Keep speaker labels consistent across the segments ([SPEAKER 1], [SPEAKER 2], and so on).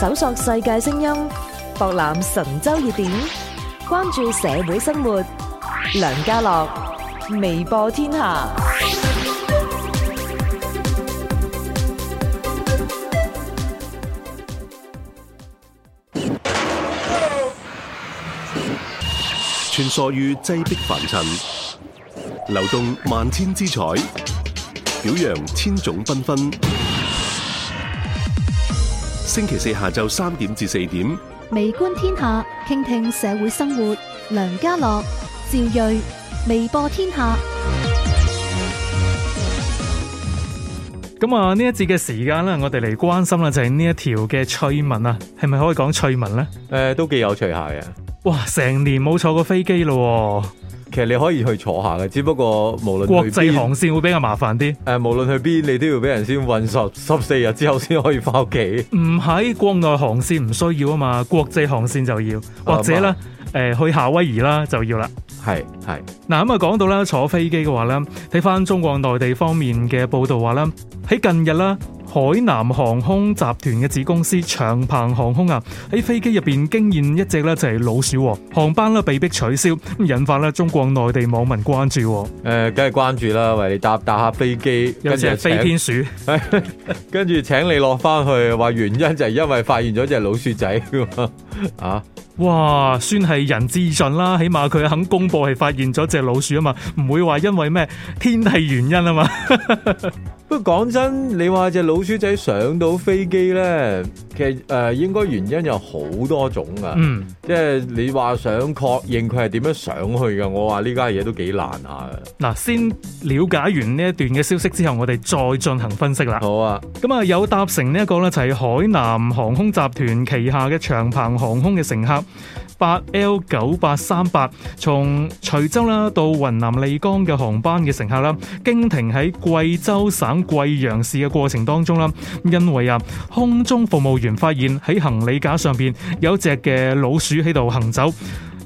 [SPEAKER 1] 搜索世界聲音，博覽神州熱點，關注社會生活。梁家樂，微播天下。
[SPEAKER 2] 穿梭於擠迫凡塵，流動萬千姿彩。表揚千種繽紛，紛。星期四下晝三點至四點，
[SPEAKER 1] 微觀天下，傾聽社會生活。梁家樂、趙瑞，微播天下。
[SPEAKER 3] 咁啊，呢一節嘅時間啦，我哋嚟關心啦，就係呢一條嘅趣聞啊，係咪可以講趣聞咧？誒、呃，都幾有趣下嘅。哇，成年冇坐過飛機咯。其實你可以去坐下嘅，只不過無論國際航線會比較麻煩啲。誒、呃，無論去邊你都要俾人先運十十四日之後先可以翻屋企。唔喺國內航線唔需要啊嘛，國際航線就要，啊、或者咧誒、啊、去夏威夷啦就要啦。係係，嗱，咁啊講到啦，坐飛機嘅話咧，睇翻中國內地方面嘅報道話咧，喺近日啦。海南航空集團嘅子公司長鵬航空啊，喺飛機入邊驚現一隻咧就係老鼠、啊，航班咧被迫取消，咁引發咧中國內地網民關注、啊。誒、呃，梗
[SPEAKER 4] 係關注啦，為你搭搭下飛機，有隻飛天鼠，跟住請， 請你落翻去，話原因就係因為發現咗隻老鼠仔。
[SPEAKER 3] 啊，哇，算係仁至義盡啦，起碼佢肯公布係發現咗隻老鼠啊嘛，唔會話因為咩天氣原因啊嘛。
[SPEAKER 4] 不過講 真，你話隻老，老鼠仔上到飛機呢，其實誒、呃、應該原因有好多種噶，嗯、即係你話想確認佢係點樣上去噶，我話呢家嘢都幾難下嘅。
[SPEAKER 3] 嗱，先了解完呢一段嘅消息之後，我哋再進行分析啦。好啊，咁啊有搭乘呢一個呢，就係、是、海南航空集團旗下嘅祥鵬航空嘅乘客。八 L 九八三八從徐州啦到雲南麗江嘅航班嘅乘客啦，經停喺貴州省貴陽市嘅過程當中啦，因為啊空中服務員發現喺行李架上邊有隻嘅老鼠喺度行走。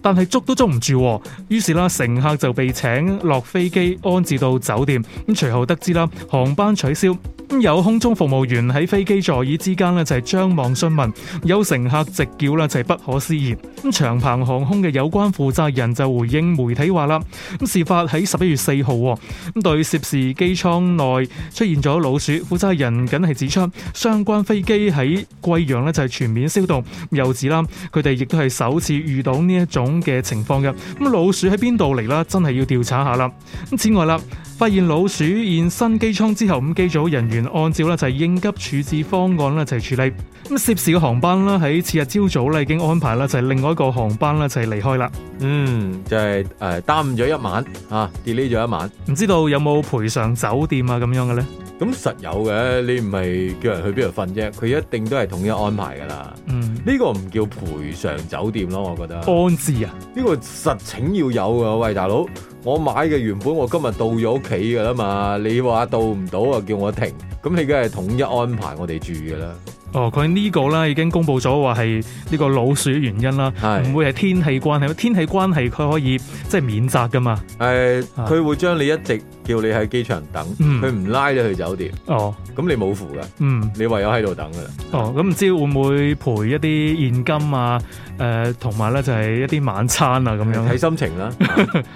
[SPEAKER 3] 但係捉都捉唔住，於是啦，乘客就被請落飛機安置到酒店。咁隨後得知啦，航班取消。咁有空中服務員喺飛機座椅之間呢就係張望詢問。有乘客直叫呢就係不可思議。咁長鵬航空嘅有關負責人就回應媒體話啦，咁事發喺十一月四號。咁對涉事機艙內出現咗老鼠，負責人梗係指出，相關飛機喺貴陽呢就係全面消毒。又指啦，佢哋亦都係首次遇到呢一種。咁嘅情況嘅，咁老鼠喺邊度嚟啦？真係要調查下啦。咁此外啦。發現老鼠現身機艙之後，咁機組人員按照咧就係應急處置方案咧一齊處理。咁涉事嘅航班啦，喺次日朝早咧已經安排啦，就係另外一個航班啦，就係離開啦。嗯，就係誒耽誤咗一晚啊，delay 咗一晚。唔知道
[SPEAKER 4] 有冇賠償酒店啊咁樣嘅咧？咁實有嘅，你唔係叫人去邊度瞓啫，佢一定都係統一安排噶啦。嗯，呢個唔叫賠償酒店咯，我覺得安置啊，呢個實情要有噶。喂，大佬。我買嘅，原本我今日到咗屋企㗎啦嘛，你話到唔到啊？叫我停，咁你梗係統一安排我哋住㗎喇。
[SPEAKER 3] 哦，佢呢個啦已經公布咗話係呢個老鼠原因啦，唔是會係天氣關係，天氣關係佢可以即係、就是、免責噶嘛？
[SPEAKER 4] 係、呃，佢是會將你一直叫你喺機場等，佢唔、嗯、拉咗去酒店。哦，咁你冇符噶，嗯，你唯有喺度等
[SPEAKER 3] 噶啦。哦，咁唔知會唔會賠一啲現金啊？誒、呃，同埋咧就係一啲晚餐啊咁樣，睇心情啦。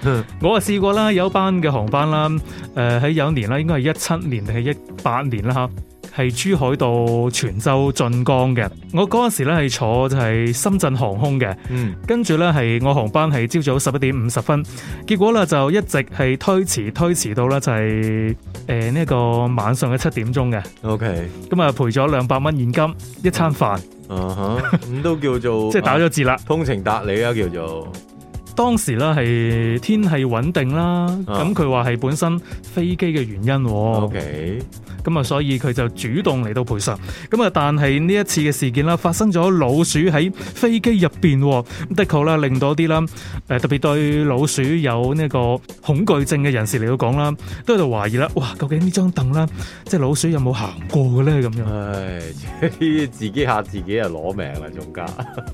[SPEAKER 3] 我啊試過啦，有班嘅航班啦，誒、呃、喺有一年啦，應該係一七年定係一八年啦吓。係珠海到泉州晉江嘅，我嗰陣時咧係坐就係深圳航空嘅，嗯，跟住咧係我航班係朝早十一點五十分，結果咧就一直係推遲，推遲到咧就係誒呢個晚上嘅七點鐘嘅，OK，咁啊賠咗兩百蚊現金，一餐飯，啊哈、uh，
[SPEAKER 4] 咁、huh, 都叫做即係 打咗字啦、啊，通情達理啊叫
[SPEAKER 2] 做。
[SPEAKER 3] 當時咧係天氣穩定啦，咁佢話係本身飛機嘅原因，OK，咁啊，所以佢就主動嚟到賠償。咁啊，但係呢一次嘅事件啦，發生咗老鼠喺飛機入邊，的確啦，令到啲啦，誒特別對老鼠有呢個恐懼症嘅人士嚟到講啦，都喺度懷疑啦，哇，究竟呢張凳啦，即係老鼠有冇行過嘅咧咁樣？唉，
[SPEAKER 4] 自己嚇自己啊，攞命啦仲加，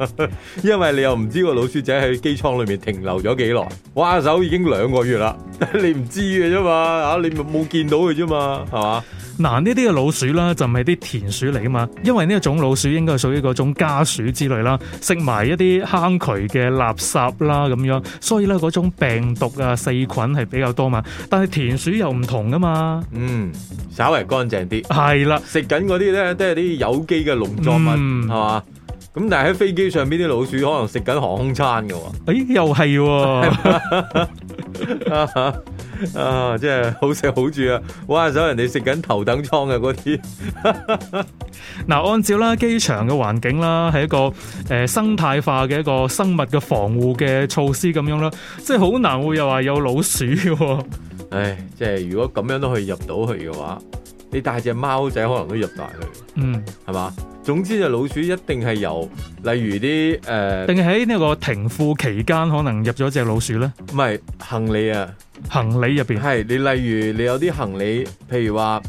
[SPEAKER 4] 因為你又唔知個老鼠仔喺機艙裏面停留咗幾耐？哇，手已經兩個月啦！你唔知嘅啫嘛，吓，你冇見到嘅啫嘛，係嘛？
[SPEAKER 3] 嗱，呢啲嘅老鼠啦，就唔係啲田鼠嚟噶嘛，因為呢一種老鼠應該係屬於嗰種家鼠之類啦，食埋一啲坑渠嘅垃圾啦咁樣，所以咧嗰種病毒啊細菌係比較多嘛。但係田鼠又唔同噶嘛，嗯，
[SPEAKER 4] 稍微乾淨啲。係啦的，食緊嗰啲咧都係啲有機嘅農作物，係嘛，嗯。是吧咁但係喺飛機上邊啲老鼠可能食緊航空餐㗎
[SPEAKER 3] 喎，欸，又係喎，
[SPEAKER 4] 啊，即係好食好住啊，哇想人哋食緊頭等艙嘅嗰啲，
[SPEAKER 3] 嗱，按照啦機場嘅環境啦，係一個誒、呃、生態化嘅一個生物嘅防護嘅措施咁樣啦，即係好難會又話有老鼠嘅， 唉即係
[SPEAKER 4] 如果咁樣都可以入到去嘅話。你大隻貓仔可能都入大去，嗯，係嘛？總之就老鼠一定係由，例如啲、呃、定
[SPEAKER 3] 喺呢個停庫期間可能入咗隻老鼠咧？唔係行李啊，行李入面，係你例如
[SPEAKER 4] 你有啲行李，譬如話。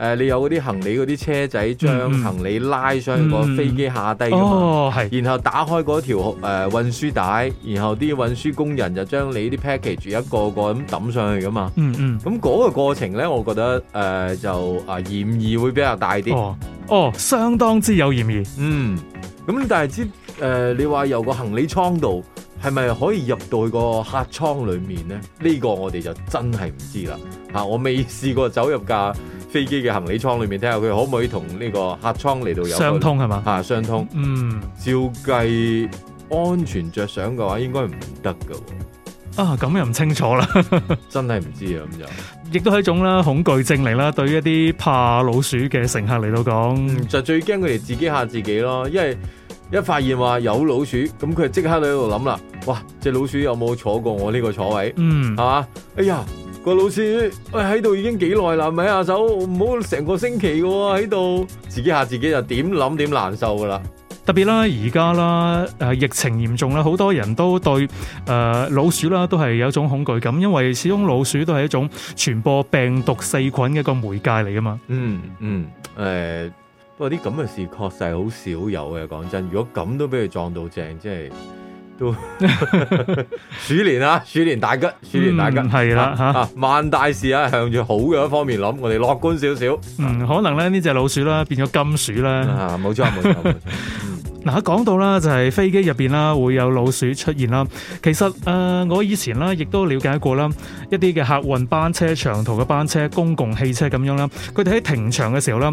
[SPEAKER 4] 誒、呃，你有嗰啲行李嗰啲車仔，將行李拉上個飛機下低嘅嘛、嗯嗯嗯、哦，係。然後打開嗰條誒運輸帶，然後啲運輸工人就將你啲 package 一個一個咁抌上去嘅嘛。嗯嗯。咁、嗯、嗰個過程咧，我覺得誒、呃、就啊，嫌疑會比較大啲。哦哦，相當之有嫌疑。嗯。咁但係知誒，你話由個行李倉度係咪可以入到去個客艙裡面咧？呢、這個我哋就真係唔知啦。嚇、啊，我未試過走入㗎。飛機嘅行李倉裏面，睇下佢可唔可以同呢個客艙嚟到有相通係嘛？嚇，相通。嗯，嗯，照計安全着想嘅話，應該唔得㗎。啊，
[SPEAKER 3] 咁又唔清楚啦，
[SPEAKER 4] 真係唔知啊。咁樣
[SPEAKER 3] 亦都係一種啦，恐懼症嚟啦。對於一啲怕老鼠嘅乘客嚟到講，
[SPEAKER 4] 就最驚佢哋自己吓自己咯。因為一發現話有老鼠，咁佢即刻喺度諗啦。哇，隻老鼠有冇坐過我呢個座位？嗯，係嘛？哎呀！個老鼠喂喺度已經幾耐啦，咪下手唔好成個星期嘅，喺度自己吓自己就點諗點難受噶啦。
[SPEAKER 3] 特別啦，而家啦，誒、呃，疫情嚴重啦，好多人都對誒、呃、老鼠啦都係有一種恐懼感，因為始終老鼠都係一種傳播病毒細菌嘅一個媒介嚟噶嘛。嗯
[SPEAKER 4] 嗯，誒、呃，不過啲咁嘅事確實係好少有嘅。講真，如果咁都俾佢撞到正，即係。鼠 年啊，鼠年大吉，鼠年大吉，係啦吓，啊、萬大事啊，向住好嘅一方面諗，我哋樂觀少少。嗯，
[SPEAKER 3] 可能咧呢隻老鼠啦，變咗金鼠啦。吓、啊，冇錯冇錯冇錯。 嗱，講到啦，就係飛機入邊啦，會有老鼠出現啦。其實誒、呃、我以前啦，亦都了解過啦，一啲嘅客運班車長途嘅班車公共汽車咁樣啦，佢哋喺停場嘅時候啦，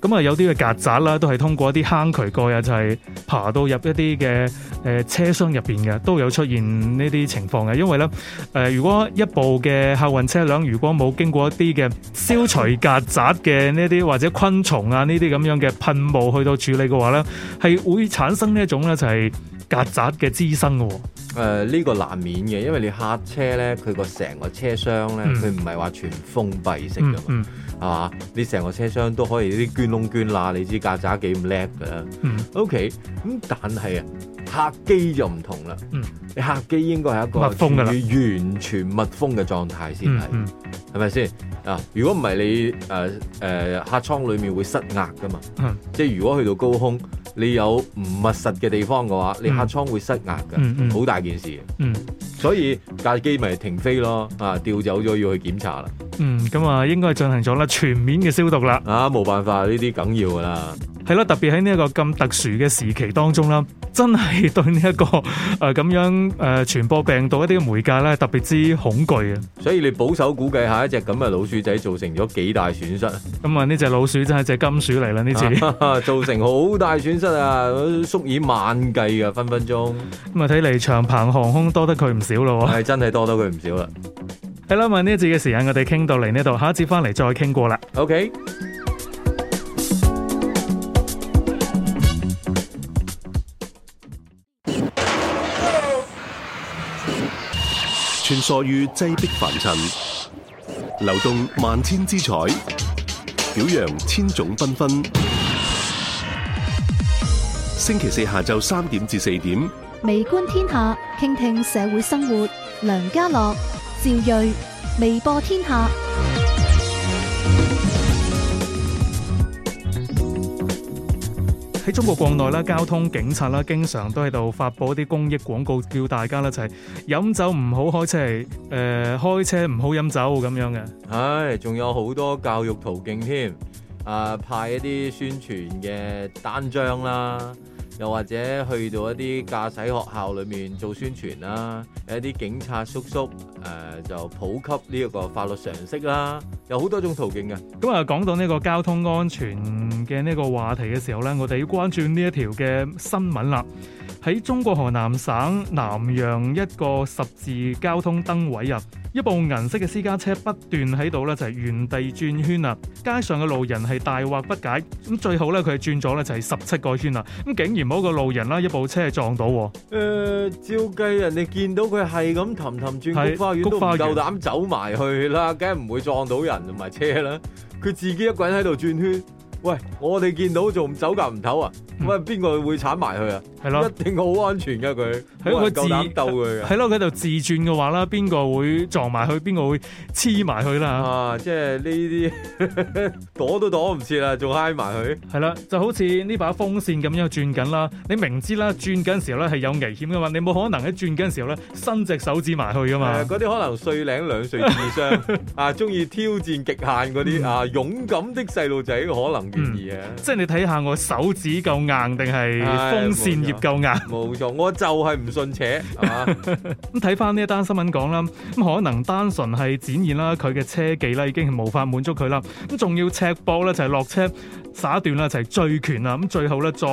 [SPEAKER 3] 咁啊有啲嘅曱甴啦，都係通過一啲坑渠過入就係爬到入一啲嘅誒車廂入邊嘅，都有出現呢啲情況嘅。因為咧誒、呃、如果一部嘅客運車輛如果冇經過一啲嘅消除曱甴嘅呢啲或者昆蟲啊呢啲咁樣嘅噴霧去到處理嘅話咧，係會。產生呢一種咧，就係曱甴嘅滋生嘅、
[SPEAKER 4] 哦，誒呢、呃這個難免嘅，因為你客車咧佢個成個車廂咧，佢唔係話全封閉式噶嘛，係嘛、嗯嗯，你成個車廂都可以啲鑽窿鑽罅，你知曱甴幾咁叻噶啦。O K，咁但係啊，客機就唔同啦，你客機應該係一個密封噶啦，完全密封嘅狀態先係，係咪先？嗯啊！如果唔係你誒誒、呃呃、客艙裏面會失壓噶嘛，嗯、即係如果去到高空，你有唔密實嘅地方嘅話，你客艙會失壓噶，好、嗯嗯、大件事。嗯，所以架機咪停飛咯，啊掉走咗要去檢查啦、嗯。嗯，
[SPEAKER 3] 咁、嗯、啊應該係進行咗啦全面嘅消毒啦。啊，冇辦法呢啲梗要噶啦。係啦，特別喺呢一個咁特殊嘅時期當中啦，真係對呢、這、一個誒咁、呃、樣誒、呃、傳播病毒的一啲嘅媒介咧特別之恐懼啊。
[SPEAKER 4] 所以你保守估計下一隻咁嘅老鼠仔造成咗幾大損失？
[SPEAKER 3] 咁啊，呢隻老鼠真係隻金鼠嚟啦！呢次
[SPEAKER 4] 造成好大損失啊，數 以萬計啊，分分鐘。
[SPEAKER 3] 咁啊，睇嚟長鵬航空多得佢唔少咯、啊。係真係多得佢唔少啦。係啦，問呢次嘅時間，我哋傾到嚟呢度，下一節翻嚟再傾過啦。OK Hello.。
[SPEAKER 2] 穿梭於擠逼凡塵。流動萬千姿彩，表揚千種繽紛,紛。星期四下晝三點至四點，
[SPEAKER 1] 微觀天下，傾聽社會生活。梁家樂、趙瑞，微播天下。
[SPEAKER 3] 喺中國國內啦，交通警察啦，經常都喺度發布一啲公益廣告，叫大家咧就係、是、飲酒唔好開車，誒、呃、開車唔好飲酒咁樣嘅。係、
[SPEAKER 4] 哎，仲有好多教育途徑添，啊、呃、派一啲宣傳嘅單張啦。又或者去到一啲駕駛學校裏面做宣傳啦，有一啲警察叔叔誒、呃、就普及呢一個法律常識啦，有好多種途徑嘅。
[SPEAKER 3] 咁啊講到呢個交通安全嘅呢個話題嘅時候咧，我哋要關注呢一條嘅新聞啦。喺中國河南省南陽一個十字交通燈位啊，一部銀色嘅私家車不斷喺度咧就係原地轉圈啊，街上嘅路人係大惑不解。咁最後咧佢係轉咗咧就係十七個圈啊，咁竟然～冇一個路人啦，一部車撞到喎、
[SPEAKER 4] 哦呃。照計人哋見到佢係咁氹氹轉菊花園都唔夠膽走埋去啦，梗係唔會撞到人同埋車啦。佢自己一個人喺度轉圈，喂，我哋見到仲走夾唔唞啊？喂、嗯，邊個會鏟埋佢啊？係咯的，一定好安全嘅佢。如果佢自係咯，
[SPEAKER 3] 佢喺度自轉嘅話啦，邊個會撞埋去，邊個會黐埋去啦？啊，即係呢啲躲都躲唔切啦，仲挨埋去。係啦，就好似呢把風扇咁樣轉緊啦，你明知啦轉緊時候咧係有危險噶嘛，你冇可能喺轉緊時候咧伸隻手指埋去噶嘛。嗰啲
[SPEAKER 4] 可能碎領兩歲智商啊，中意挑戰極限嗰啲啊，勇敢的細路仔可能
[SPEAKER 3] 願意啊。即係你睇下我手指夠硬定係風扇葉夠硬？冇錯，我就係唔。駛，咁睇翻呢一單新聞講啦，咁可能單純係展現啦佢嘅車技啦，已經係無法滿足佢啦。咁仲要赤膊呢，就係落車耍一段啦，就係醉拳啊！咁最後呢，再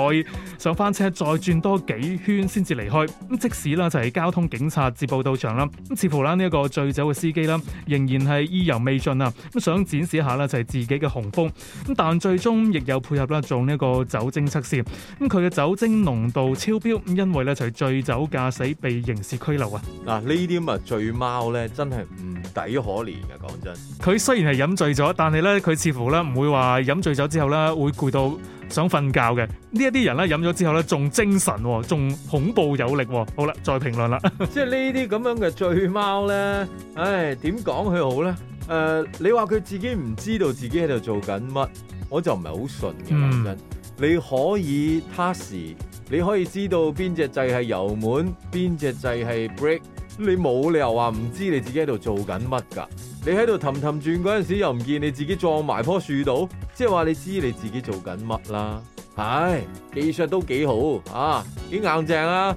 [SPEAKER 3] 上翻車，再轉多幾圈先至離開。咁即使呢，就係交通警察接報到場啦，咁似乎呢一個醉酒嘅司機呢，仍然係意猶未盡啊！咁想展示一下呢，就係自己嘅雄風。咁但最終亦有配合啦，做呢一個酒精測試。咁佢嘅酒精濃度超標，咁因為呢就係醉酒。駕駛被刑事拘留啊！嗱、啊，這些呢啲咪醉貓咧，真係
[SPEAKER 4] 唔抵可憐嘅、啊。講真，
[SPEAKER 3] 佢雖然係飲醉咗，但係咧，佢似乎咧唔會話飲醉酒之後咧會攰到想瞓覺嘅。這些呢一啲人咧飲咗之後咧，仲精神、啊，仲恐怖有力、啊。好啦，再評論啦。
[SPEAKER 4] 即係呢啲咁樣嘅醉貓咧，唉，點講佢好咧？誒、呃，你話佢自己唔知道自己喺度做緊乜，我就唔係好信嘅。講、嗯、真，你可以踏實。你可以知道邊隻掣係油門，邊隻掣係 brake，你冇理由話唔知你自己喺度做緊乜噶。你喺度氹氹轉嗰陣時，又唔見你自己撞埋棵樹度，即係話你知你自己做緊乜啦。唉，技術都幾好啊，幾硬淨啊，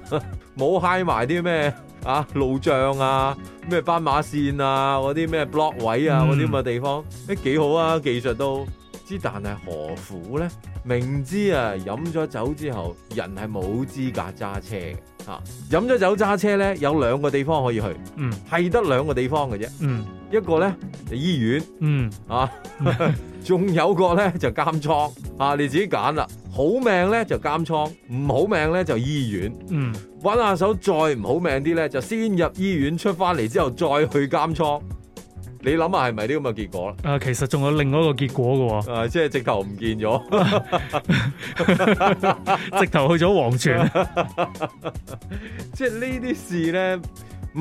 [SPEAKER 4] 冇揩埋啲咩啊路障啊，咩斑馬線啊，嗰啲咩 block 位啊，嗰啲咁嘅地方，啲幾、嗯欸、好啊，技術都。之但係何苦呢？明知啊，飲咗酒之後，人係冇資格揸車嘅。吓，啊，飲咗酒揸車呢，有兩個地方可以去，係得兩個地方嘅啫。嗯，一個呢，就醫院，嗯，啊，仲有個呢，就監倉。啊，你自己揀啦。好命呢就監倉，唔好命呢就醫院。嗯，搵下手再唔好命啲呢，就先入醫院，出翻嚟之後再去監倉。你諗下係咪呢咁嘅結果？
[SPEAKER 3] 啊、呃，其實仲有另外一個結果嘅喎、哦
[SPEAKER 4] 啊，即係直頭唔見咗，
[SPEAKER 3] 直頭去咗黃泉
[SPEAKER 4] 即。即係呢啲事咧，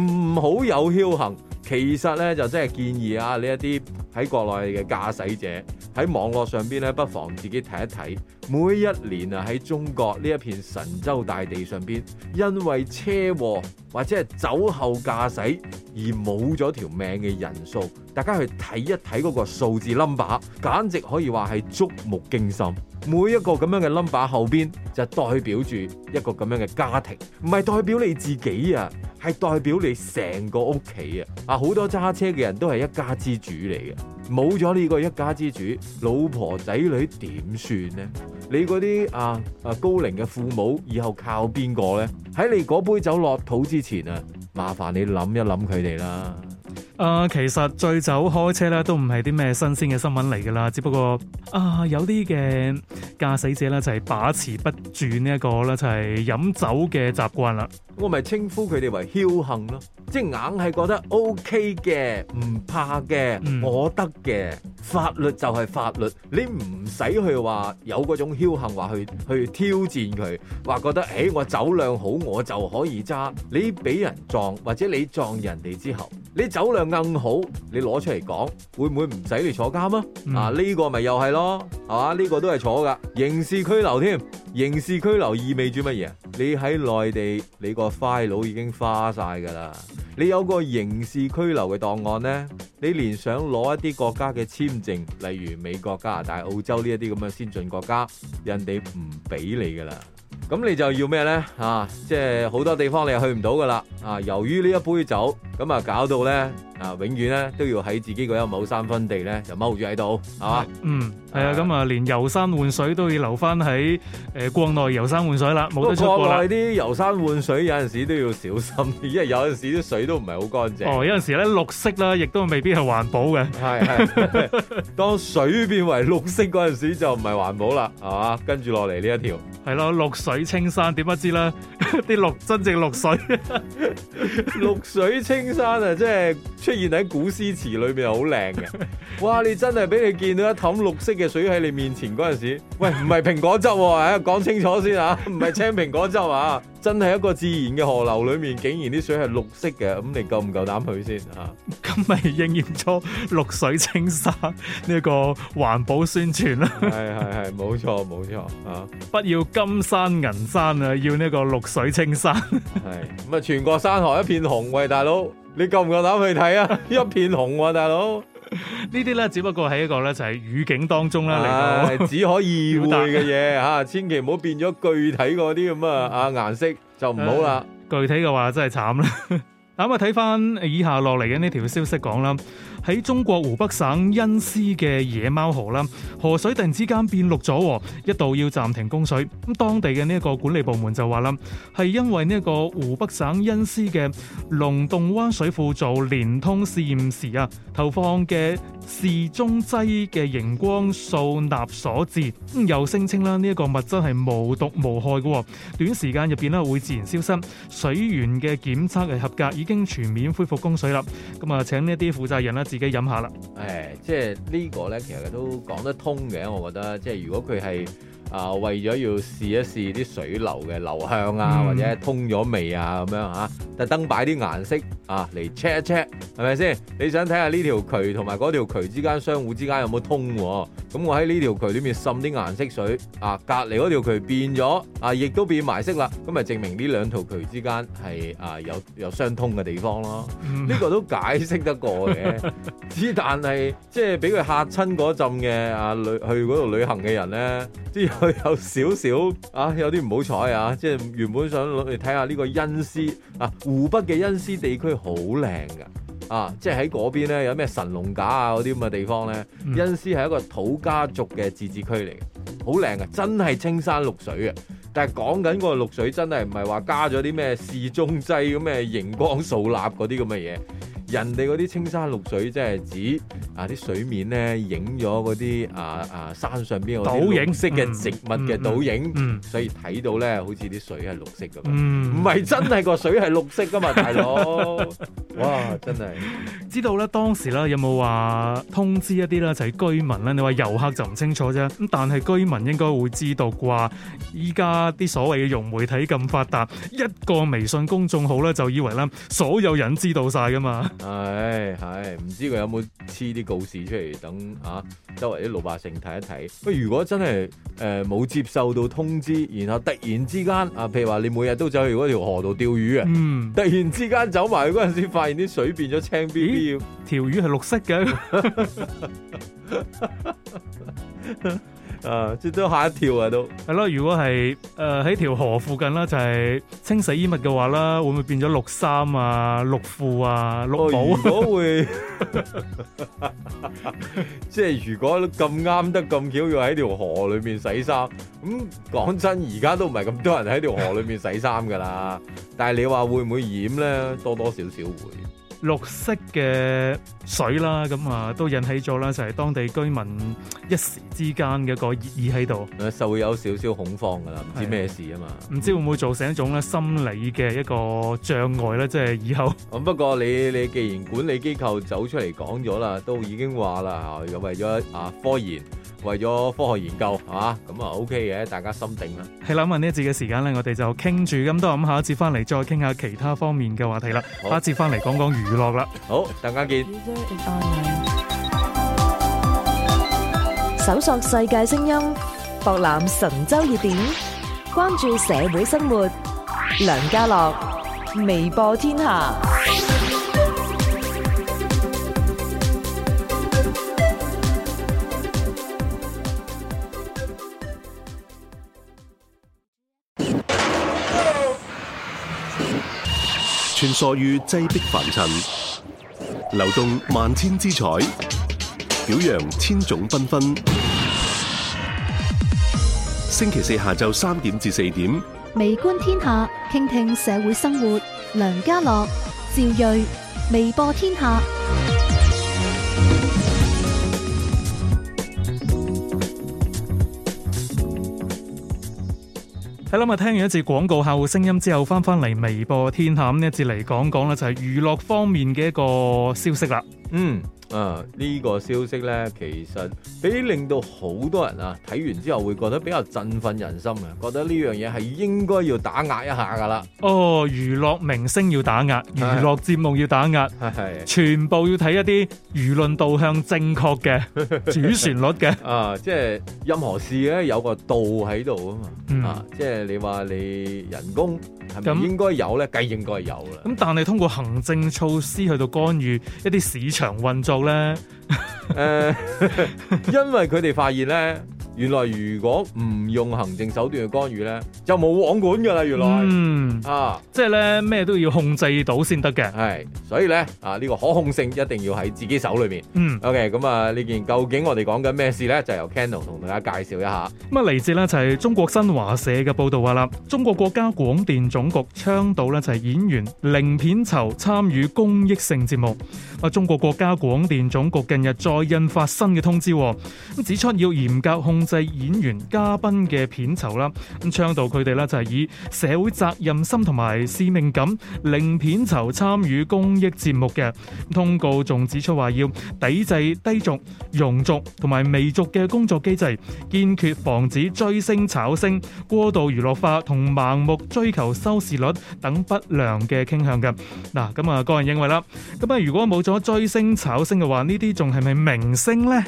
[SPEAKER 4] 唔好有僥倖。其實咧就真係建議啊呢一啲喺國內嘅駕駛者喺網絡上邊咧，不妨自己睇一睇每一年啊喺中國呢一片神州大地上邊，因為車禍或者係酒後駕駛而冇咗條命嘅人數，大家去睇一睇嗰個數字 number，簡直可以話係觸目驚心。每一個咁樣嘅 number 後邊就代表住一個咁樣嘅家庭，唔係代表你自己啊，係代表你成個屋企啊！好多揸車嘅人都係一家之主嚟嘅，冇咗呢個一家之主，老婆仔女點算呢？你嗰啲啊啊高齡嘅父母以後靠邊個呢？喺你嗰杯酒落肚之前啊，麻煩你諗一諗佢哋啦。
[SPEAKER 3] 誒、呃，其實醉酒開車咧都唔係啲咩新鮮嘅新聞嚟噶啦，只不過啊有啲嘅駕駛者咧就係、是、把持不住呢一個啦，就係、是、飲酒嘅習慣啦。
[SPEAKER 4] 我咪稱呼佢哋為僥倖咯，即係硬係覺得 O K 嘅，唔怕嘅，嗯、我得嘅，法律就係法律，你唔使去話有嗰種僥倖話去去挑戰佢，話覺得誒、欸、我酒量好我就可以揸，你俾人撞或者你撞人哋之後，你酒量更好，你攞出嚟講會唔會唔使你坐監、嗯、啊？啊、這、呢個咪又係咯，啊呢、這個都係坐噶，刑事拘留添，刑事拘留意味住乜嘢？你喺內地你個你個 file 已經花晒噶啦，你有個刑事拘留嘅檔案呢，你連想攞一啲國家嘅簽證，例如美國、加拿大、澳洲呢一啲咁嘅先進國家，人哋唔俾你噶啦，咁你就要咩呢？啊，即係好多地方你去唔到噶啦，啊，由於呢一杯酒，咁啊搞到呢。啊，永遠咧都要喺自己嗰一畝三分地咧
[SPEAKER 3] 就踎住喺度，係嘛？嗯，係啊，咁啊，連遊山玩水都要留翻喺誒國內遊山玩水啦，冇得出國啦。國內啲
[SPEAKER 4] 遊山玩水有陣時都要小心，因為有陣時啲水都唔係好乾淨。哦，有
[SPEAKER 3] 陣時咧綠色啦，亦都未必係環保嘅。係係，當水變為綠色嗰陣時就唔係環保啦，係嘛？跟住落嚟呢一條係咯，綠水青山點不知啦？啲綠真正綠水，綠
[SPEAKER 4] 水青山啊，即係。出現喺古詩詞裏面好靚嘅。哇！你真係俾你見到一桶綠色嘅水喺你面前嗰陣時，喂，唔係蘋果汁喎，啊，講 清楚先啊，唔係青蘋果汁啊，真係一個自然嘅河流裏面，竟然啲水係綠色嘅，咁你夠唔夠膽去先啊？
[SPEAKER 3] 咁咪應驗咗綠水青山呢，這個環保宣傳啦，係係係，冇錯冇錯啊！不要金山銀山啊，要呢個綠水青山。係
[SPEAKER 4] 咁
[SPEAKER 3] 啊，全國山河一片紅，喂，大佬。你夠唔夠膽去睇啊？ 一片紅啊大佬！呢啲咧只不過係一個咧就係語境當中啦、啊，嚟到只可以意會嘅嘢吓，千祈唔
[SPEAKER 4] 好變咗具體嗰啲咁啊！啊顏 色就唔好啦、哎，
[SPEAKER 3] 具體嘅話真係慘啦。咁啊，睇翻以下落嚟嘅呢條消息講啦。喺中國湖北省恩施嘅野貓河啦，河水突然之間變綠咗，一度要暫停供水。咁當地嘅呢一個管理部門就話啦，係因為呢一個湖北省恩施嘅龍洞灣水庫做連通試驗時啊，投放嘅示蹤劑嘅熒光素鈉所致。咁又聲稱啦，呢一個物質係無毒無害嘅，短時間入邊咧會自然消失。水源嘅檢測係合格，已經全面恢復供水啦。咁啊，請呢一啲負責人啦自己飲下啦。
[SPEAKER 4] 誒，即係呢個咧，其實都講得通嘅，我覺得。即係如果佢係。啊，為咗要試一試啲水流嘅流向啊，或者通咗未啊，咁樣啊，特登擺啲顏色啊嚟 check 一 check，係咪先？你想睇下呢條渠同埋嗰條渠之間相互之間有冇通，啊？咁我喺呢條渠裏面滲啲顏色水啊，隔籬嗰條渠變咗啊，亦都變埋色啦，咁咪證明呢兩條渠之間係啊有有相通嘅地方咯。呢個都解釋得過嘅，只但係即係俾佢吓親嗰陣嘅啊旅去嗰度旅行嘅人咧，佢 有少少啊，有啲唔好彩啊，即係原本想攞嚟睇下呢個恩施啊，湖北嘅恩施地區好靚噶，啊，即係喺嗰邊咧有咩神農架啊嗰啲咁嘅地方咧，嗯、恩施係一個土家族嘅自治區嚟嘅，好靚啊，真係青山綠水啊！但係講緊個綠水真係唔係話加咗啲咩示蹤劑咁咩熒光掃蠟嗰啲咁嘅嘢。人哋嗰啲青山綠水是，即係指啊啲水面咧影咗嗰啲啊啊山上邊個倒影式嘅植物嘅倒影，嗯，嗯嗯嗯，所以睇到咧好似啲水係綠色咁樣、嗯、嘛，唔係真係個水係綠色噶嘛，大佬，哇真係
[SPEAKER 3] 知道咧，當時咧有冇話通知一啲咧就係居民啦，你話遊客就唔清楚啫，咁但係居民應該會知道啩？依家啲所謂嘅融媒體咁發達，一個微信公眾號咧就以為啦，所有人知道晒噶嘛？
[SPEAKER 4] 係係，唔、哎哎、知佢有冇黐啲告示出嚟等啊，周圍啲老百姓睇一睇。不過如果真係誒冇接收到通知，然後突然之間啊，譬如話你每日都走去嗰條河度釣魚，嗯，突然之間走埋去嗰陣時，發現啲水變咗青 B B，
[SPEAKER 3] 條魚係綠色嘅。 誒，即都吓一跳啊！都係咯，如果係誒喺條河附近啦，就係、是、清洗衣物嘅話啦，會唔會變咗綠衫啊、綠褲啊、綠帽啊？如果會，
[SPEAKER 4] 即係如果咁啱得咁巧，要喺條河裏面洗衫，咁講真的，而家都唔係咁多人喺條河裏面洗衫噶啦。 但係你話會唔會染咧？多多少少會。
[SPEAKER 3] 綠色嘅水啦，咁啊都引起咗啦，就係當地居民一時之間嘅個熱議喺度，
[SPEAKER 4] 就會有少少恐慌噶啦，
[SPEAKER 3] 唔知咩事啊嘛，唔知會唔會造成一種咧心理嘅一個障礙咧，即係以後。
[SPEAKER 4] 咁 不過你你既然管理機構走出嚟講咗啦，都已經話啦嚇，咁為咗啊科研。為咗科學研究，吓咁啊就 OK 嘅，大家心定啦。
[SPEAKER 3] 喺諗文呢節嘅時間咧，我哋就傾住，咁都係諗下，下一節翻嚟，再傾下其他方面嘅話題啦。下一節翻嚟講講娛樂啦。好，大家見。
[SPEAKER 1] 搜索世界聲音，博覽神州熱點，關注社會生活。梁家樂，微播天下。
[SPEAKER 2] 穿梭於擠迫凡塵，流動萬千姿彩，表揚千種繽紛，紛。星期四下晝三點至四點，
[SPEAKER 1] 微觀天下，傾聽社會生活。梁家樂、趙睿，微播天下。
[SPEAKER 3] 睇啦，咁啊，聽完一節廣告客戶聲音之後，返返嚟微播天下，咁呢一節嚟講講咧，就係娛樂方面嘅一個消息啦。嗯。
[SPEAKER 4] 啊！呢、嗯這個消息呢，其實俾令到好多人啊睇完之後會覺得比較振奮人心嘅，覺得呢樣嘢係應該要打壓一下㗎喇。
[SPEAKER 3] 哦，娛樂明星要打壓，娛樂節目要打壓，係係，全部要睇一啲輿論導向正確嘅主旋律嘅。啊、 嗯，
[SPEAKER 4] 即係任何事呢，有個度喺度啊嘛。啊，即係你話你人工。咁應該有咧，梗那應該有啦。
[SPEAKER 3] 咁但係通過行政措施去到干預一啲市場運作咧，誒
[SPEAKER 4] 呃，因為佢哋發現咧。原來如果唔用行政手段嘅干預呢，就冇網管㗎啦。原來，嗯啊，即係呢，咩都要控制到先得嘅。係，所以呢，啊呢、這個可控性一定要喺自己手裏面。嗯，OK，咁啊呢件究竟我哋講緊咩事呢？就由 Candle 同大家介紹一下。
[SPEAKER 3] 咁啊嚟自呢，就係、是、中國新華社嘅報道話啦，中國國家廣電總局倡導呢，就係演員零片酬參與公益性節目。啊，中國國家廣電總局近日再印發新嘅通知、哦，咁指出要嚴格控。制演員嘉賓嘅片酬啦，咁倡導佢哋咧就係以社會責任心同埋使命感令片酬參與公益節目嘅。通告仲指出話要抵制低俗、庸俗同埋媚俗嘅工作機制，堅決防止追星炒星、過度娛樂化同盲目追求收視率等不良嘅傾向嘅。嗱，咁啊個人認為啦，咁啊如果冇咗追星炒星嘅話，呢啲仲係咪明星咧？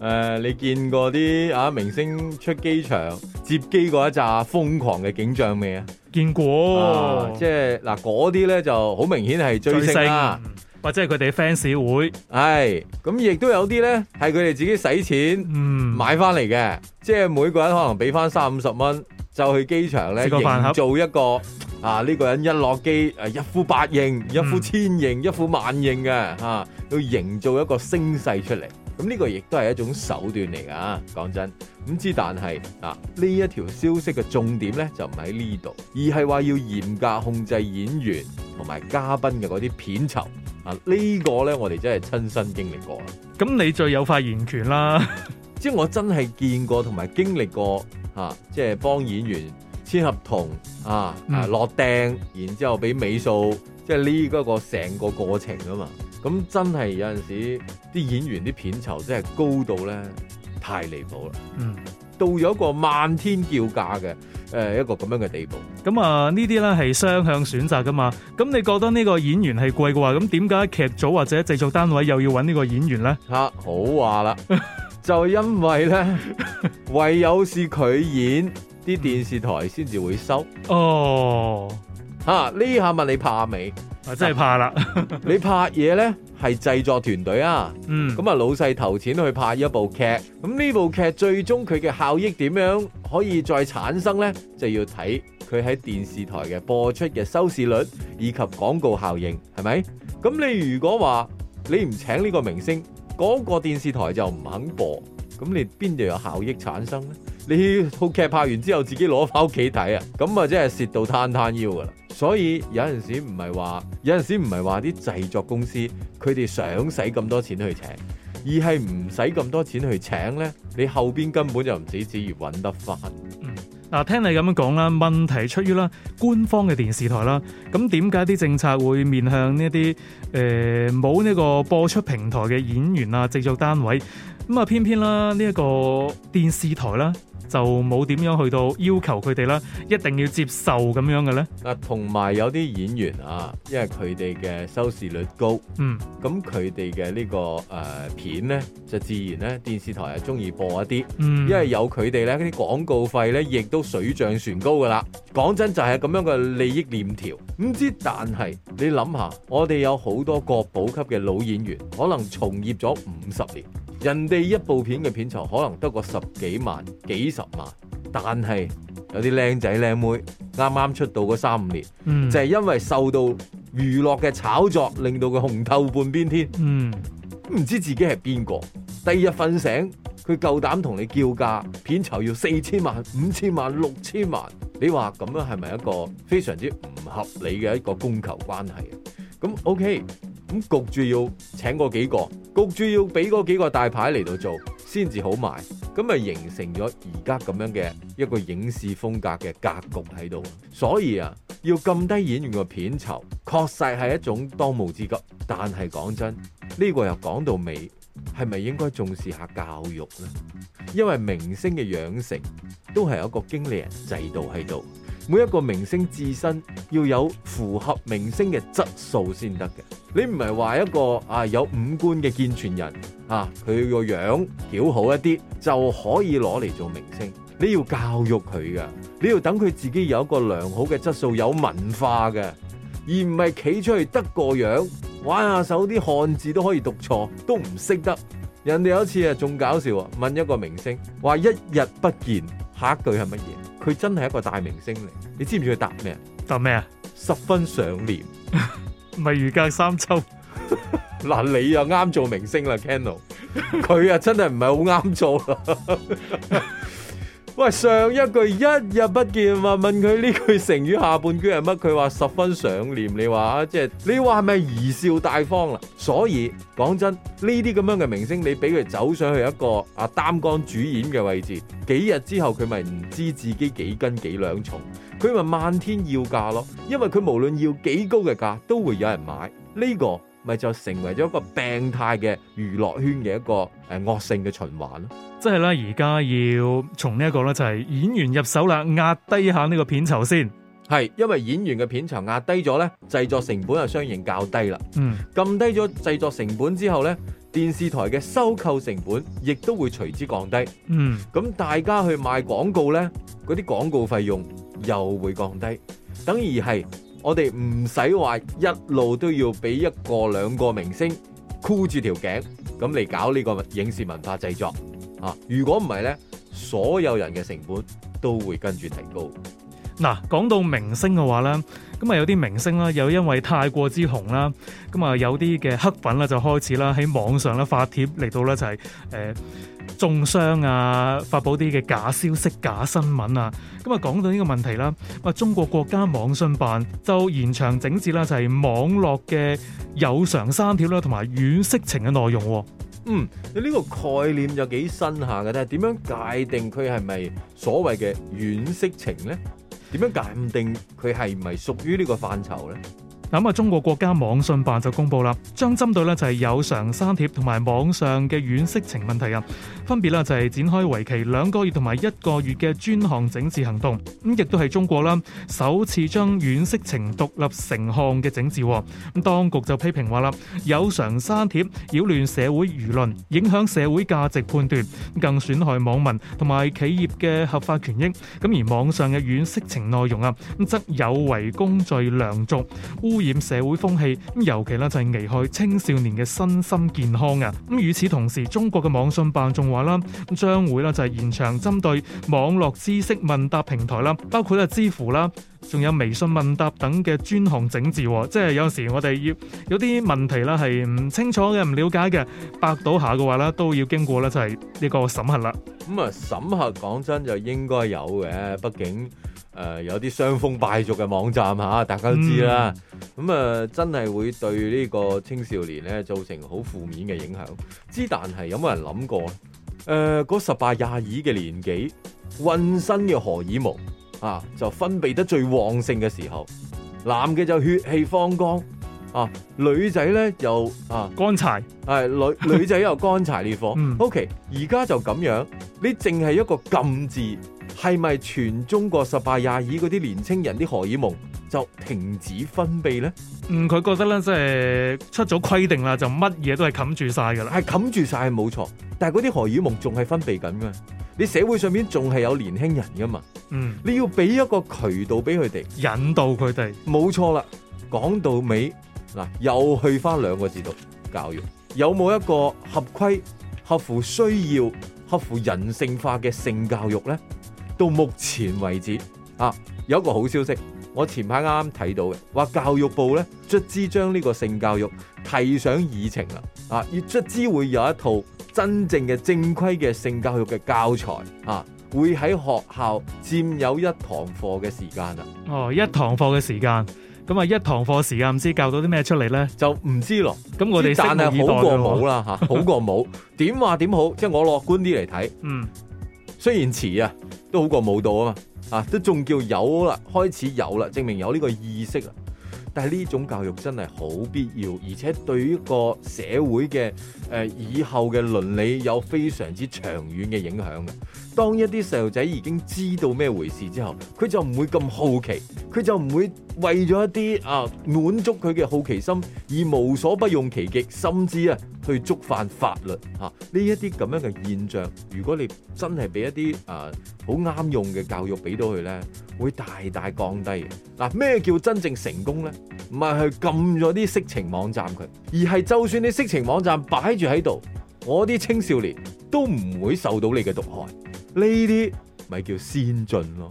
[SPEAKER 3] 誒，你見過？嗰啲啊明星出機場接
[SPEAKER 4] 機嗰一紮瘋狂嘅景象未啊？
[SPEAKER 3] 見過，即係
[SPEAKER 4] 嗱嗰啲咧就好、是、明顯係追星啦，
[SPEAKER 3] 或者係佢哋 fans 會，
[SPEAKER 4] 係咁亦都有啲咧係佢哋自己使錢買翻嚟嘅。嗯、即係每個人可能俾翻三五十蚊就去機場咧營造一個啊呢、呢個人一落機誒一呼百應，一呼千應，一呼、嗯、萬應嘅嚇，要、啊、營造一個聲勢出嚟。咁呢個亦都係一種手段嚟㗎。講真，唔知但係啊，呢一條消息嘅重點咧就唔喺呢度，而係話要嚴格控制演員同埋嘉賓嘅嗰啲片酬啊！這個、呢個咧我哋真係親身經歷過。咁你最有發言權啦， 即係我真係見過同埋經歷過，即係幫演員簽合同啊、落訂、嗯，然之後俾尾數，即係呢一個成個過程啊嘛。咁真係有陣時啲演員啲片酬真係高到咧太離譜啦！嗯，到咗一個漫天叫價嘅、誒一個咁樣嘅地步。
[SPEAKER 3] 咁啊呢啲咧係雙向選擇噶嘛？咁你覺得呢個演員係貴嘅話，咁點解劇組或者製作單位又要搵呢個演員咧？吓、啊、好話啦， 就因為咧唯有是佢演，
[SPEAKER 4] 啲 電視台先至會收哦。啊！呢下問你怕未、啊？真係怕啦！ 你拍嘢呢係製作團隊啊，嗯，咁啊老細投錢去拍一部劇，咁呢部劇最終佢嘅效益點樣可以再產生呢？就要睇佢喺電視台嘅播出嘅收視率以及廣告效應，係咪？咁你如果話你唔請呢個明星，嗰個電視台就唔肯播，咁你邊度有效益產生呢？你套劇拍完之後自己攞翻屋企睇啊，咁啊真係蝕到攤攤腰噶啦！所以有陣時唔係話，有陣時唔係話啲製作公司佢哋想使咁多錢去請，而係唔使咁多錢去請呢，你後邊根本就唔止止於揾得翻。
[SPEAKER 3] 嗱，聽你咁樣講啦，問題出於啦官方嘅電視台啦，咁點解啲政策會面向呢啲誒冇呢個播出平台嘅演員啊、製作單位？咁啊，偏偏啦，呢、這、一個電視台啦，就冇點樣去到要求佢哋啦，一定要接受咁樣嘅咧。啊，同埋有啲演員啊，因
[SPEAKER 4] 為佢哋嘅收視率高，嗯，咁佢哋嘅呢個誒、呃、片呢，就自然呢，電視台係中意播一啲，嗯，因為有佢哋呢啲廣告費呢，亦都水漲船高噶啦。講真，就係咁樣嘅利益鏈條。唔知但係你諗下，我哋有好多國寶級嘅老演員，可能從業咗五十年。人哋一部片嘅片酬可能得個十幾萬、幾十萬，但係有啲靚仔靚妹啱啱出道嗰三五年，嗯、就係因為受到娛樂嘅炒作，令到佢紅透半邊天，嗯、唔知自己係邊個。第二日瞓醒，佢夠膽同你叫價，片酬要四千萬、五千萬、六千萬，你話咁樣係咪一個非常之唔合理嘅一個供求關係？咁 OK。咁焗住要請嗰幾個，焗住要俾嗰幾個大牌嚟到做，先至好賣。咁咪形成咗而家咁樣嘅一個影視風格嘅格局喺度。所以啊，要減低演員嘅片酬，確實係一種當務之急。但係講真，呢個又講到尾，係咪應該重視一下教育呢？因為明星嘅養成都係有一個經理人制度喺度。每一個明星自身要有符合明星嘅質素先得嘅，你唔係話一個啊有五官嘅健全人啊，佢個樣姣好一啲就可以攞嚟做明星。你要教育佢㗎，你要等佢自己有一個良好嘅質素，有文化嘅，而唔係企出去得個樣，玩下手啲漢字都可以讀錯，都唔識得。人哋有一次啊，仲搞笑，問一個明星話，一日不見，下一句係乜嘢？佢真係一個大明星嚟，你知唔知佢答咩啊？答咩啊？十分想念，唔係如隔三秋。嗱，你又啱做明星啦，Keno。佢啊，真係唔係好啱做。喂，上一句一日不見話問佢呢句成語下半句係乜？佢話十分想念，你話啊，即係你話係咪貽笑大方啦、啊？所以講真，呢啲咁樣嘅明星，你俾佢走上去一個啊擔綱主演嘅位置，幾日之後佢咪唔知道自己幾斤幾兩重？佢咪漫天要價咯，因為佢無論要幾高嘅價，都會有人買呢、這個。咪就，就成為咗一個病態嘅娛樂圈嘅一個誒惡性嘅循環咯，
[SPEAKER 3] 即係咧，而家要從呢一個咧就係演員入手啦，壓低下呢個片酬先，係因為演員嘅片酬壓低咗呢，製作成本
[SPEAKER 4] 就相應較低啦，嗯，撳低咗製作成本之後呢，電視台嘅收購成本亦都會隨之降低，嗯，咁大家去賣廣告呢，嗰啲廣告費用又會降低，等於係。我哋唔使話一路都要俾一個兩個明星箍住條頸咁嚟搞呢個影視文化製作啊！如果唔係呢，所有人嘅成本都會跟住提高。
[SPEAKER 3] 嗱，講到明星嘅話呢，咁啊有啲明星啦，又因為太過之紅啦，咁啊有啲嘅黑粉啦就開始啦喺網上咧發帖嚟到咧就係、是、誒。呃中傷啊！發布啲嘅假消息、假新聞啊！咁啊，講到呢個問題啦，話中國國家網信辦就延長整治啦，就係網絡嘅有償刪帖啦，同埋軟色情嘅內容。嗯，
[SPEAKER 4] 你呢個概念有幾新下嘅？即係點樣界定佢係咪所謂嘅軟色情呢？點樣界定佢係唔係屬於呢個範疇呢？
[SPEAKER 3] 咁啊、嗯，中國國家網信辦就公布啦，將針對咧就係有償刪帖同埋網上嘅軟色情問題啊！分別啦，就係展開為期兩個月同埋一個月嘅專項整治行動。咁亦都係中國啦，首次將軟色情獨立成項嘅整治。咁當局就批評話啦，有償刪帖擾亂社會輿論，影響社會價值判斷，更損害網民同埋企業嘅合法權益。咁而網上嘅軟色情內容啊，咁則有違公序良俗，污染社會風氣。咁尤其啦，就係危害青少年嘅身心健康啊。咁與此同時，中國嘅網信辦仲話啦，咁將會咧就係延長針對網絡知識問答平台啦，包括咧知乎啦，仲有微信問答等嘅專項整治。即係有時我哋要有啲問題啦，係唔清楚嘅，唔了解嘅，百度下嘅話咧都要經過咧就係呢個審核啦。
[SPEAKER 4] 咁啊，嗯，審核講真就應該有嘅，畢竟誒、呃、有啲傷風敗俗嘅網站吓，大家都知啦。咁啊，嗯嗯嗯，真係會對呢個青少年咧造成好負面嘅影響。之但係有冇人諗過？誒、呃、十八廿二嘅年紀，渾身嘅荷爾蒙啊，就分泌得最旺盛嘅時候。男嘅就血氣方剛啊，女仔咧、啊、柴又啊乾柴係女女仔又乾柴烈火。 OK，而家就咁樣，你淨係一個禁字，係咪全中國十八廿二嗰啲年輕人啲荷爾蒙？就停止分泌咧？
[SPEAKER 3] 嗯，佢覺得咧，即係出咗規定啦，就乜嘢都係冚住晒噶啦，係冚住晒，係冇錯。
[SPEAKER 4] 但係嗰啲荷爾蒙仲係分泌緊噶，你社會上面仲係有年輕人噶嘛嗯，你要俾一個渠道俾佢哋，引導佢哋，冇錯啦。講到尾嗱，又去翻兩個字度，教育有冇一個合規、合乎需要、合乎人性化嘅性教育咧？到目前為止啊，有一個好消息。我前排啱啱睇到嘅，話教育部咧卒之將呢個性教育提上議程啦，啊，要卒之會有一套真正嘅正規嘅性教育嘅教材，啊，會喺學校佔有一堂課嘅時間啦。
[SPEAKER 3] 哦，一堂課嘅時間，咁啊一堂課時間唔知教到啲咩出嚟咧，就唔知咯。咁我哋只 但係好過冇啦、 啊、好過冇。點話
[SPEAKER 4] 點好？即係我樂觀啲嚟睇。嗯。雖然遲啊，都好過冇到啊嘛，啊都仲叫有啦，開始有啦，證明有呢個意識啦。但係呢種教育真係好必要，而且對於呢個社會嘅誒、呃、以後嘅倫理有非常之長遠嘅影響嘅、啊。當一啲細路仔已經知道咩回事之後，佢就唔會咁好奇，佢就唔會為咗一啲啊滿足佢嘅好奇心而無所不用其極，甚至啊～去觸犯法律嚇，呢一啲咁樣嘅現象，如果你真係俾一啲啊好啱用嘅教育俾到佢咧，會大大降低嘅。嗱、啊、咩叫真正成功咧？唔係去禁咗啲色情網站佢，而係就算你色情網站擺住喺度，我啲青少
[SPEAKER 3] 年都唔
[SPEAKER 4] 會受到你嘅毒害。
[SPEAKER 3] 呢啲咪叫先進咯。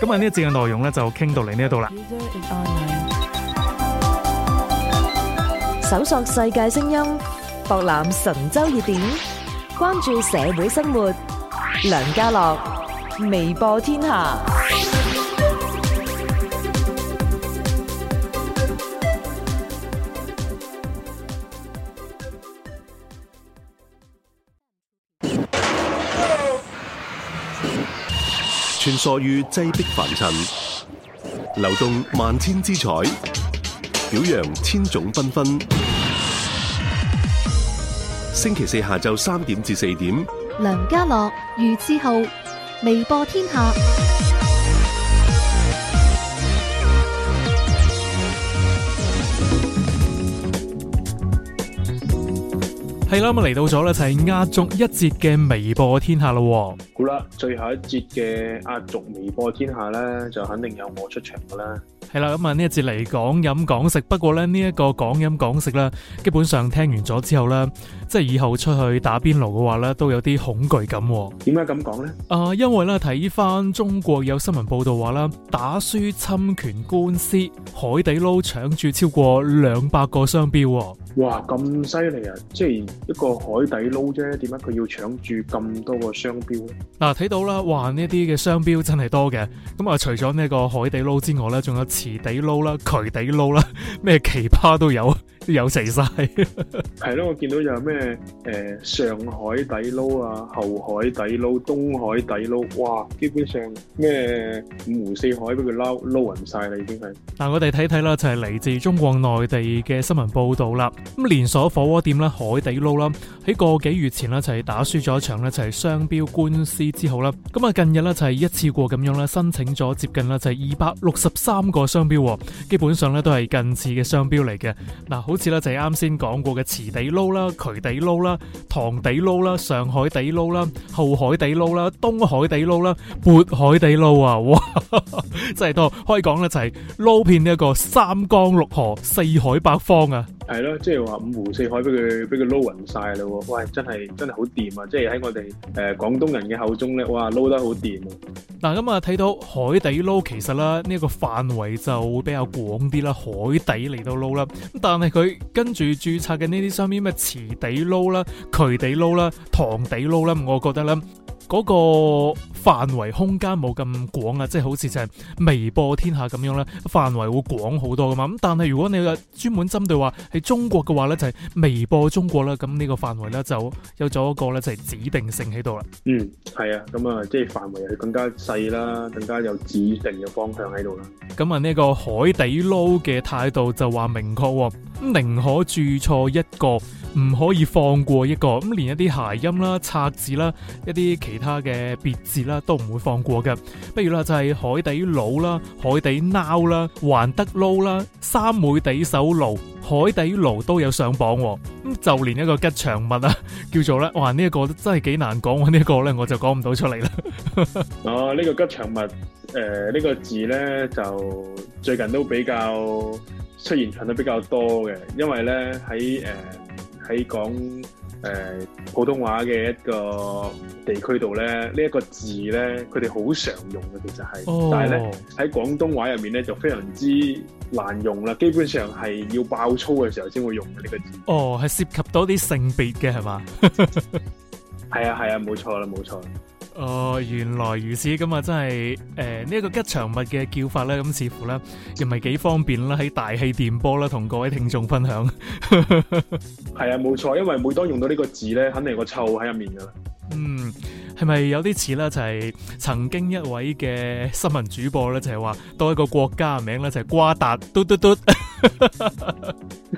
[SPEAKER 3] 今日呢一節嘅內容咧就傾到你呢一度啦。
[SPEAKER 1] 搜索世界聲音。博覽神州熱點，關注社會生活。梁家樂，微播天下。
[SPEAKER 2] 穿梭於擠迫凡塵，流動萬千姿彩，表揚千種繽紛。星期四下晝三點至四點，
[SPEAKER 1] 梁家樂、余志浩，微播天下
[SPEAKER 3] 係啦。咁嚟到咗咧就係壓軸一節嘅微播天下啦。好
[SPEAKER 5] 啦，最後一節嘅壓軸微播天下咧，就肯定有我出場噶啦。
[SPEAKER 3] 係啦，咁啊呢一節嚟講飲講食，不過咧呢一個講飲講食咧，基本上聽完咗之後咧。即係以後出去打邊爐嘅話咧，都有啲恐懼感，哦。點解咁講呢？啊，因為咧睇翻，中國有新聞報道話啦，打輸侵權官司，海底撈搶注超過兩百個商標，哦。
[SPEAKER 5] 哇，咁犀利啊！即係一個海底撈啫，點解佢要搶注咁多個商標
[SPEAKER 3] 嗱，睇，啊、到啦，哇，呢啲嘅商標真係多嘅。咁啊，除咗呢個海底撈之外咧，仲有池底撈啦、渠底撈啦，咩奇葩都有。有齊曬，
[SPEAKER 5] 係咯，我見到有咩誒上海底撈啊、後海底撈、東海底撈，哇，基本上咩五湖四海俾佢撈撈匀曬啦已經係。
[SPEAKER 3] 嗱，我哋睇睇啦，就係嚟自中國內地嘅新聞報道啦。咁連鎖火鍋店啦，海底撈啦，喺個幾月前啦，就係打輸咗一場啦，就係商標官司之後啦。咁啊，近日咧就係一次過咁樣咧，申請咗接近啦就係二百六十三個商標，基本上咧都係近似嘅商標嚟嘅。嗱。好似咧就係啱先講過嘅池底撈啦、渠底撈啦、塘底撈啦、上海底撈啦、後海底撈啦、東海底撈啦、渤海底撈啊！哇，真係多，可以講咧就係撈遍呢一個三江六河、四海八方啊！
[SPEAKER 5] 係咯，即係話五湖四海俾佢俾佢撈勻晒啦喎！喂，真係真係好掂啊！即係喺我哋誒廣東人嘅口中咧，哇撈得好掂啊！
[SPEAKER 3] 嗱咁啊，睇到海底撈其實啦，呢個範圍就比較廣啲啦，海底嚟到撈啦。咁但係佢跟住註冊嘅呢啲，上面咩池底撈啦、渠底撈啦、塘底撈啦，我覺得咧。嗰個範圍空間冇咁廣啊，即係好似就係微播天下咁樣啦。範圍會廣好多噶嘛。咁但係如果你嘅專門針對話喺中國嘅話咧，就係微播中國啦。咁呢個範圍咧就有咗一個咧就係指定性喺度啦。嗯，
[SPEAKER 5] 係啊，咁啊，即係範圍係更加細啦，更加有指定嘅方向喺度啦。
[SPEAKER 3] 咁啊，呢個海底撈嘅態度就話明確，寧可注錯一個，唔可以放過一個。咁連一啲諧音啦、拆字啦、一啲其其他嘅別字啦，都唔會放過嘅。不如啦，就係海底佬啦、海底撈啦、還得撈啦、三妹底手撈、海底撈都有上榜。咁就連一個吉祥物啊，叫做咧，哇，呢一個真係幾難講喎。呢一個咧，我就講唔到出嚟啦。
[SPEAKER 5] 哦，呢個吉祥物誒，呢個字咧就最近都比較出現頻率比較多嘅，因為咧喺誒喺講。誒、嗯、普通話嘅一個地區度咧，呢、這、一個字咧，佢哋好常用嘅，其實係，但係咧喺廣東話入面咧就非常之難用啦，基本上係要爆粗嘅時候先會用嘅呢個字。
[SPEAKER 3] 哦，係涉及到啲性別嘅係嘛？
[SPEAKER 5] 係啊係啊，冇、啊、錯啦冇錯了。
[SPEAKER 3] 哦，原來如此咁啊！真係誒，呢、呃、一、這個吉祥物嘅叫法咧，咁似乎咧又唔係幾方便啦，喺大氣電波啦，同各位聽眾分享。
[SPEAKER 5] 係啊，冇錯，因為每當用到呢個字咧，肯定個臭喺
[SPEAKER 3] 入面噶啦。嗯，係咪有啲似咧？就係、是、曾經一位嘅新聞主播咧，就係、是、話多一個國家名咧，就係、是、瓜達嘟嘟嘟。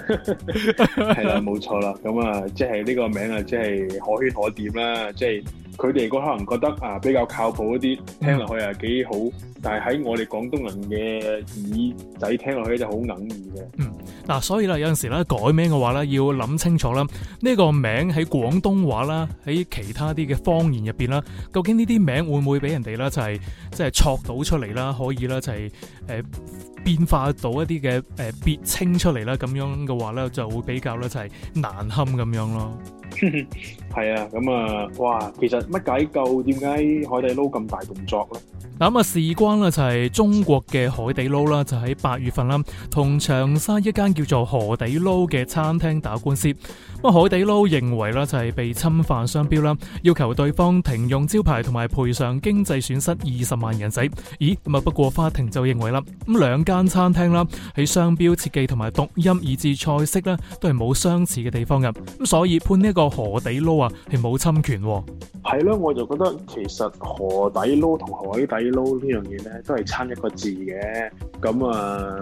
[SPEAKER 3] 係啦，冇
[SPEAKER 5] 錯啦。咁啊，即係呢個名啊，即係可圈可點啦，即係。佢哋嚟可能覺得啊比較靠譜一啲，聽落去係幾好，但係喺我哋廣東人嘅耳仔聽落去就好哽耳嘅，嗯。
[SPEAKER 3] 嗱、啊，所以啦，有陣時咧改名嘅話咧，要諗清楚啦。呢、這個名喺廣東話啦，喺其他啲嘅方言入邊啦，究竟呢啲名會唔會俾人哋咧就係即係錯到出嚟啦？可以咧，就係、是、誒、呃、變化到一啲嘅誒別稱出嚟啦。咁樣嘅話咧，就會比較咧就係、是、難堪咁樣咯。
[SPEAKER 5] 係 啊，咁啊，哇，其實乜解究？點解海底撈咁大動作咧？
[SPEAKER 3] 嗱啊，事關啦就係中國嘅海底撈啦，就喺八月份啦，同長沙一間叫做河底撈嘅餐廳打官司。咁海底撈認為啦就係被侵犯商標啦，要求對方停用招牌同埋賠償經濟損失二十萬人仔。咦，唔啊不過法庭就認為啦，咁兩間餐廳啦喺商標設計同埋讀音以至菜式咧都係冇相似嘅地方㗎，咁所以判呢個河底撈啊係冇侵權。係
[SPEAKER 5] 咯，我就覺得其實河底撈同海底。底撈呢樣嘢咧，都係差一個字嘅。咁啊，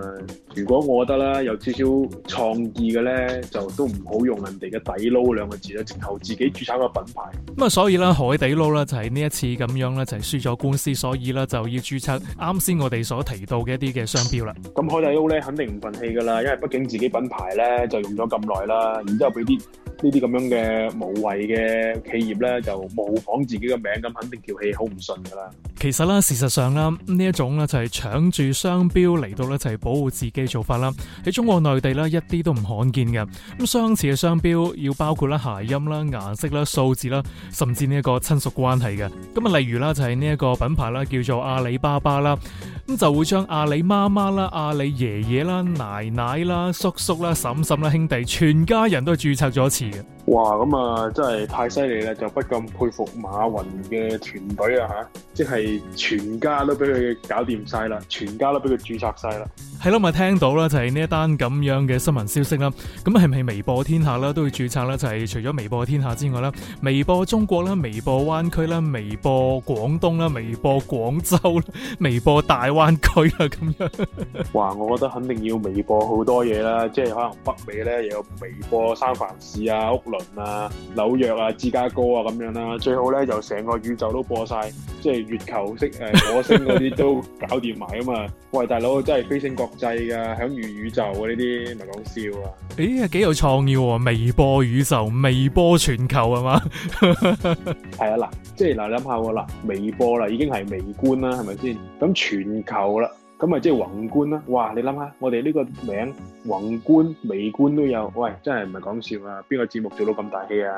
[SPEAKER 5] 如果我覺得啦，有少少創意嘅咧，就都唔好用人哋嘅底撈兩個字咧，直頭自己註冊個品牌。
[SPEAKER 3] 咁啊，所以啦，海底撈咧，就係呢一次咁樣咧，就係輸咗官司，所以咧，就要註冊啱先我哋所提到嘅一啲嘅商標啦。
[SPEAKER 5] 咁海底撈咧，肯定唔忿氣噶啦，因為畢竟自己品牌咧就用咗咁耐啦，然之後俾啲。呢啲咁樣嘅無謂嘅企業咧，就模仿自己嘅名字，咁肯定條氣好唔順噶啦。
[SPEAKER 3] 其實咧，事實上咧，呢一種咧就係搶注商標嚟到咧，就係保護自己嘅做法啦。喺中國內地咧，一啲都唔罕見嘅。咁相似嘅商標要包括啦諧音啦、顏色啦、數字啦，甚至呢一個親屬關係嘅。咁啊，例如啦，就係呢一個品牌啦，叫做阿里巴巴啦，咁就會將阿里媽媽啦、阿里爺爺啦、奶奶啦、叔叔啦、嬸嬸啦、兄弟，全家人都係註冊咗
[SPEAKER 5] 哇，咁啊，真係太犀利啦！就不禁佩服馬雲嘅團隊啊，吓，即係全家都俾佢搞掂曬啦，全家都俾佢註冊曬啦。
[SPEAKER 3] 係咯，咪聽到啦，就係呢一單咁樣嘅新聞消息啦。咁係咪微博天下啦都要註冊啦？就係除咗微博天下之外啦，微博中國啦，微博灣區啦，微博廣東啦，微博廣州啦，微博大灣區啦，咁樣。
[SPEAKER 5] 哇，我覺得肯定要微博好多嘢啦，即係可能北美咧，又有微博三藩市啊。亞屋倫啊、紐約啊、芝加哥啊咁樣啦，啊，最好咧就成個宇宙都播晒，即係月球式誒、呃、火星嗰啲都搞掂埋啊嘛！ 喂，大佬真係飛升國際噶享譽宇宙啊呢啲唔係講笑啊！
[SPEAKER 3] 誒、欸，幾有創意喎，微波宇宙、微波全球係嘛？
[SPEAKER 5] 係啊嗱，即係嗱、呃，你諗下喎嗱，微波啦已經係微觀啦，係咪先？咁全球啦。咁啊，即係宏觀啦！哇，你諗下，我哋呢個名宏觀微觀都有，喂，真係唔係講笑啊！邊個節目做到咁大氣啊？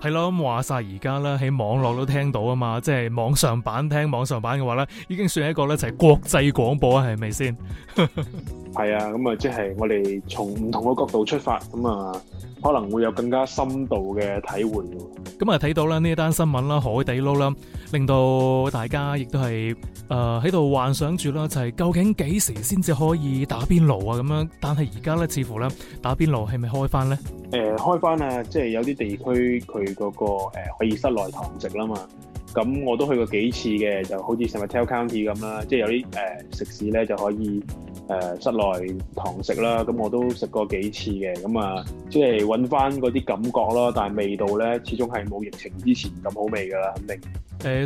[SPEAKER 3] 係咯，咁話晒而家咧，喺網絡都聽到啊嘛，即係網上版聽網上版嘅話咧，已經算係一個咧，就係國際廣播啊，係咪先？
[SPEAKER 5] 係啊，咁啊，即係我哋從唔同嘅角度出發，咁啊，可能會有更加深度嘅體會。
[SPEAKER 3] 咁啊，睇到咧呢一單新聞啦，海底撈啦，令到大家亦都係誒喺度幻想。想住啦，就係究竟幾時先至可以打邊爐啊？咁樣，但係而家咧，似乎咧打邊爐係咪開翻咧？
[SPEAKER 5] 誒、呃，開翻啊！即係有啲地區佢嗰、嗰個、呃、可以室內堂食啦嘛。咁我都去過幾次嘅，就好似成日 Tell County 咁啦。即係有啲、呃、食肆咧就可以誒、呃、室內堂食啦。咁我都食過幾次嘅。咁、嗯、啊，即係揾翻嗰啲感覺咯。但係味道咧，始終係冇疫情之前咁好味噶啦，肯定。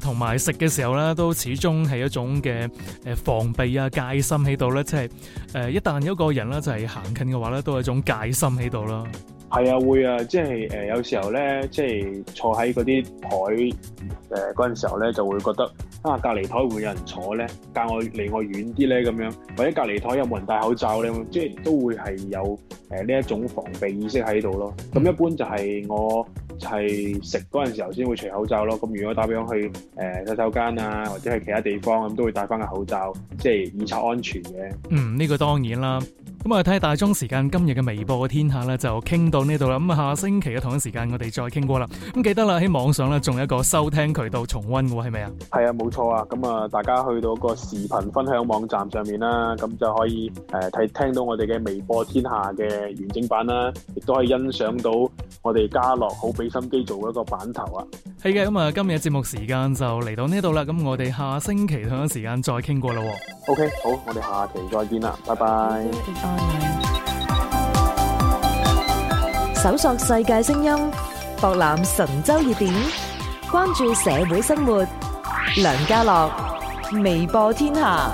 [SPEAKER 3] 同埋、呃、食嘅時候咧，都始終係一種嘅。防備啊，戒心喺度咧，即係一旦有個人咧，就係行近嘅話咧，都係種戒心喺度咯。
[SPEAKER 5] 係啊，會啊，即係、呃、有時候咧，即係坐喺嗰啲台誒嗰陣時候咧，就會覺得啊，隔離台會有人坐咧，隔我離我遠啲咧，咁樣或者隔離台有冇人戴口罩咧，即係都會係有呢、呃、一種防備意識喺度咯。咁一般就係我。係食嗰陣時候先會除口罩咯，咁如果打比方去誒、呃、洗手間啊，或者去其他地方咁，都會戴翻個口罩，即係以策安全嘅。嗯，
[SPEAKER 3] 呢、呢個當然啦。咁啊，睇下大鐘時間，今日嘅微博天下咧就傾到呢度啦。咁啊，下星期嘅同一時間我哋再傾過啦。咁記得啦，喺網上咧仲有一個收聽渠道重溫嘅係咪啊？
[SPEAKER 5] 係啊，冇錯啊。咁啊，大家去到個視頻分享網站上面啦，咁就可以誒睇、呃、聽到我哋嘅微博天下嘅完整版啦，亦都可以欣賞到我哋家樂好俾心機做的一個版頭啊。
[SPEAKER 3] 係嘅，咁啊今日嘅節目時間就嚟到呢度啦。咁我哋下星期同一時間再傾過啦。OK，好，我哋下期再見啦，拜拜。
[SPEAKER 1] 搜索世界聲音，博覽神州熱點，關注社會生活。梁家樂，微播天下。